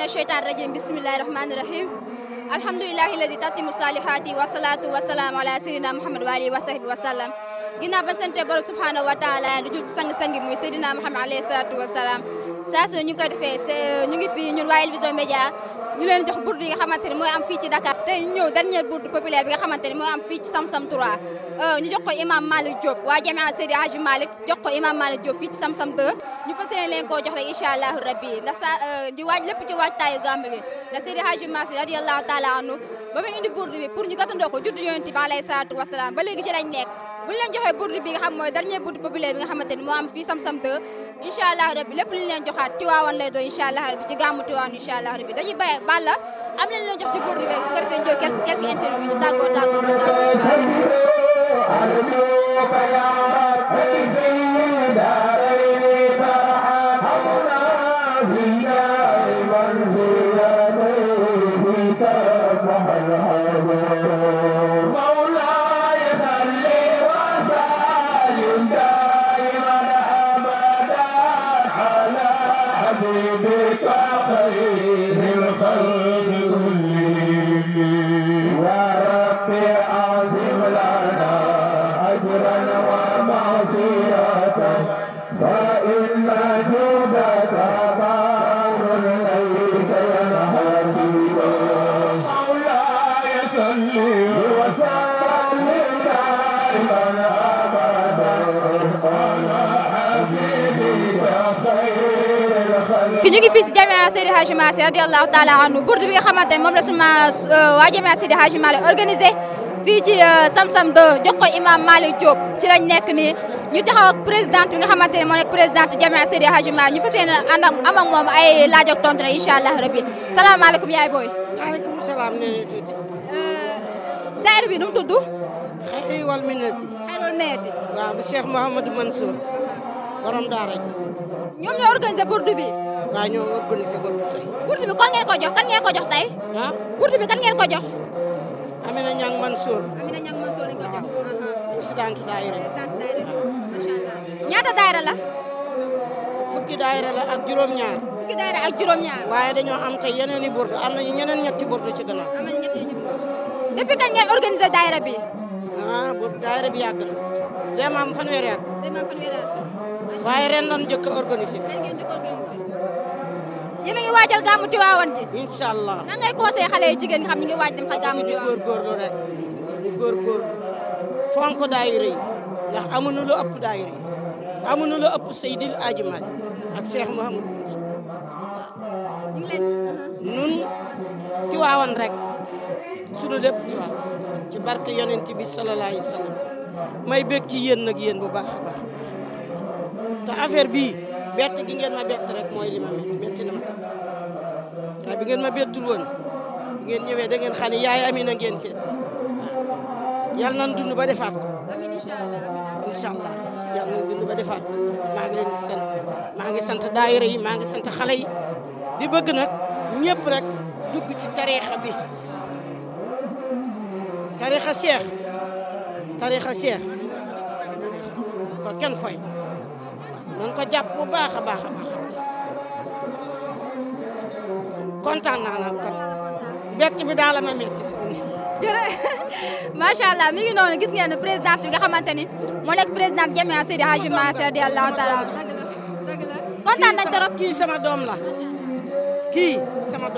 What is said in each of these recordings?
من الشيطان الرجيم بسم الله الرحمن الرحيم alhamdulilahi lazi tatimu salihati wasalaatu wasalaam ala seydina muhammad wa alihi wa sahbi wa sallam ginnaaw ba sante borom subhanahu wa taala du bi muy seydina muhammad alayhi salatu wasalaam saa su ñu ko defee ñu ngi fii ñun waa El burdu yi nga xamante ne mooy am fii ci Dakar tey ñëw dernier burdu populaire bi nga xamante ne mooy am fii ci Samsam 3 euh, ñu jox ko imam Malick Diop waa jamaa Seydi Hadji Malick jox ko imam Malick Diop fii ci Samsam 2 ñu fas yéene leen koo jox rek incha allahu rabbi ndax euh, taala anu ba muy indi burdu bi pour ñu gàttandoo ko juddu yonent bi alayhi salaatu wasalaam ba léegi ci lañ nekk bu ñu leen bi nga xam mooy dernier burdu populaire bi nga xamante ni moo am fii sam-sam te incha allah rabbi lépp lu ñu leen joxaat tiwaawan lay doon incha allah rabbi ci gàmmu tiwaawan incha allah rabbi dañuy bàyyi balla am leen ci burdu bi su ko defee ñu jël quelque interview ñu tàggoo tàggoo ñu tàggoo incha allah Gracias. ki ñu ngi fii si jamia haji Hadji Malick radiallahu taala anu burdu bi nga xamante mom la suma waa jamia Seydi Hadji Malick organisé fi ci sam sam do jox ko imam Malick Diop ci lañ nekk ni ñu taxaw ak présidente bi nga xamante mo nek présidente jamia Seydi haji Malick ñu fas yéene ànd ak am ak mom ay laaj ak tontu inshallah rabbi salam alaykum yaay boy alaykum salam salaam ñu nañ euh daayira bi num tuddu khairi wal minati xayri wal minati waaw bi Cheikh mohammed Mansour borom daara ñom ñoom ñoo organisé burdu bi. waa nah, ñoo organisé groupe tey. groupe bi kon ngeen ko jox kan ngeen ko jox tey. ah groupe bi kan ngeen ko jox. Amina Niang Mansour. Amina Niang Mansour lañ ko jox. présidente nah. daayira. présidente daayira macha allah. ñaata daerah nah. la. fukki daerah la ak Fuki ñaar fukki Wae ak juróom-ñaar. waaye dañoo am tey yeneen i burdu am nañu ñeneen ñetti burdu ci gannaaw. am nañu ñetti depuis ngeen bi. ah burdu daerah bi yàgg na. dem am fanweeri at. dem am fanweeri at. waaye ren lan ren ngeen yéen a ngi waajal gàmmu Tiwaawan ji. incha allah nan ngay conseillé xale yu jigéen ñi xam ñu ngi waaj dem xa gàmmu Tiwaawan. ñu góorgóorlu rek ñu góorgóorlu fonk daayira yi ndax amuñu lu ëpp daayira yi amuñu lu ëpp Seydil Aji Malik ak Cheikh Mouhamadou Bousso waaw. ñu ngi lay nun rek sunu lépp Tiwaawan ci barke yonent bi sallallahu alayhi wa sallam may bég ci yéen nag yéen bu baax a baax a baax te affaire bii. bett gi ngeen ma bet rek mooy li ma métti ma tam waaye bi ngeen ma bettul woon ngeen ñëwee dangeen ngeen xam ne yaay Amina ngeen seet si waaw yal nañ dund ba defaat ko incha allah yal nañ dund defaat ko maa ngi leen sant maa ngi sant daayira yi maa ngi sant xale yi di bëgg nag ñëpp rek dugg ci tariixa bi tariixa seex tariixa seex tariixa ko kenn fay nañ ko jàpp bu a baax a bett bi daal la ma métti si allah mi ngi noonu gis ngeen ne présidente bi nga xamante ni moo nekk présidente Jamia Seydi Hadji Malick radiyallahu taala dëgg la dëgg la kontaan nañ trop kii sama doom la kii sama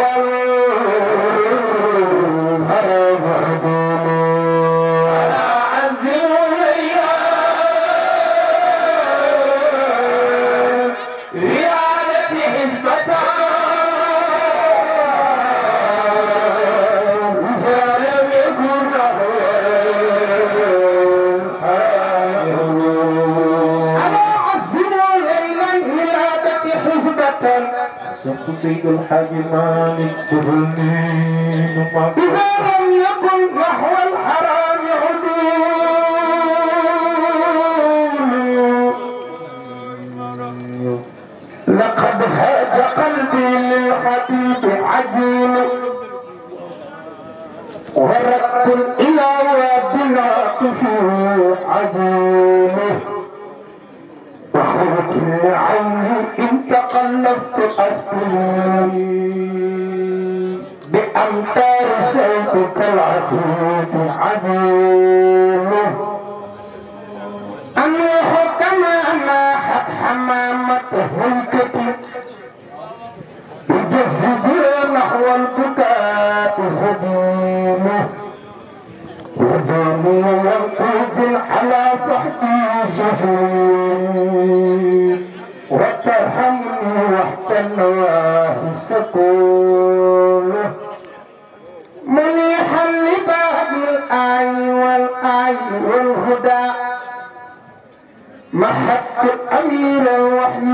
Hallelujah. سيد الحاج مالك ترنين إذا لم يكن نحو الحرام عدول لقد هل تقلبت أسبوعي بأمتار سيفك العتيد عدو الحق والهدى محبت أمير الوحي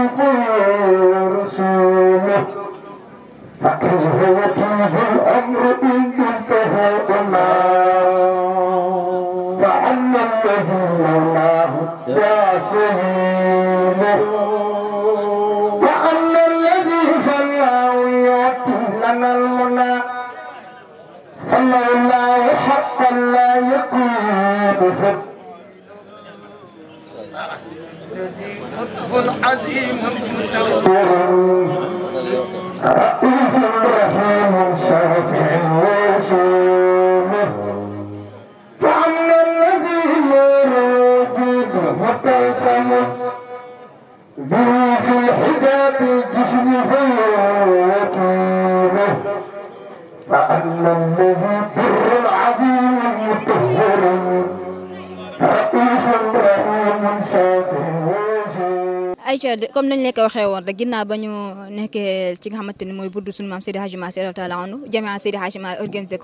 فكيف يطيب الأمر إن فعلم الذي الله الحب الذي قطب عظيم رؤوف رحيم شافع وشومه وعما الذي لا يوجد مبتسمه الحداد الجسم وطيبه فأما الذي بر العظيم مطهر Aïcha comme nañ leen ko waxee woon rek ginnaaw ba ñu nekkee ci nga xamante ni mooy burdu suñu maam Seydi Hadji Malick Sy Allahu taala anhu jamaa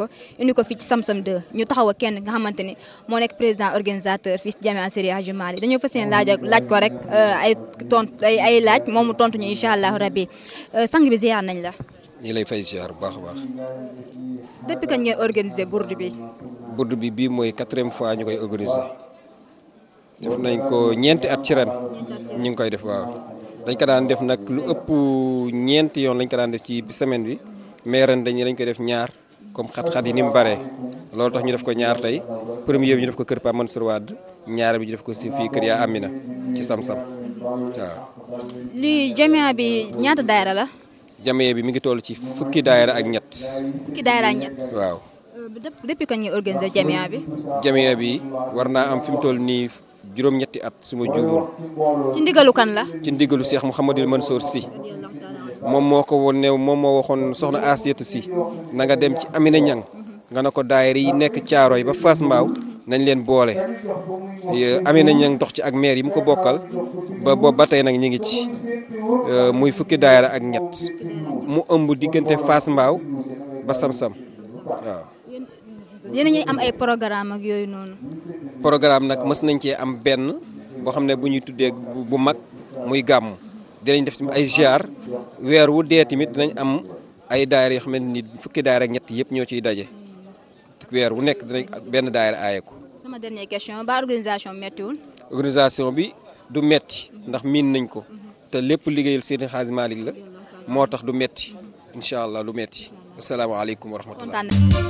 ko indi ko fii ci Samsam 2 ñu taxaw kenn nga xamante ni moo nekk président organisateur fii ci jamaa Seydi Hadji Malick dañoo fas yéene laaj laaj ko rek euh, ay tontu ay laaj moom mu tontu ñu incha allahu rabbi euh, sang bi ziar nañ la. ñi lay fay ziar bu baax a baax. depuis kañ ngeen organisé burdu bi. burdu bi bii mooy quatrième fois ñu koy organisé. def nañ ko ñeenti at ci ren ñu ngi koy def waaw dañ ko daan def nag lu ëpp ñeenti yoon lañ ko daan def ci semaine bi mais ren dañu dañ koy def ñaar comme xat-xat yi ni mu baree loolu tax ñu def ko ñaar tey premier bi ñu def ko kër Pa Mansour Wade ñaar bi ñu def ko si fii kër yaa Amina ci Sam-Sam waaw. lii jamia bi ñaata daayira la. jamia bi mi ngi toll ci fukki daayira ak ñett. fukki daayira ak ñett waaw. Euh, depuis quand ñu organiser jamia bi. jamia bi war naa am fi mu toll nii. juróom ñetti at suma juumul ci ndigalu kan la ci ndigalu cheikh mouhamadul mansour si mom moko wonne mom ne waxon soxna asiyatu si na nga dem ci amina ñang nga nako daayira yi nekk caaroy ba fas mbaaw nañ leen boole amina ñang dox ci ak maire yi mu ko bokal ba bo batay nak ñi ngi ci e, muy fukki daayira ak ñet mu ëmb diggante fas mbaaw ba sam-sam waaw ñi am ay programme ak yoy non programme nag mës nañ cee am benn boo xam ne bu ñuy tuddee bu mag muy gàmm dinañ def ay ziar weer wu dee tamit dinañ am ay daayira yoo xamante ni fukki daayira ak ñett yëpp ñoo ciy daje weer wu nekk dinañ benn daayira aaye ko. question ba organisation méttiwul. organisation bi du metti ndax miin nañ ko mhm. te lépp liggéeyal Seydi Hadji la moo tax du metti incha allah du metti asalaamaaleykum wa rahmatullah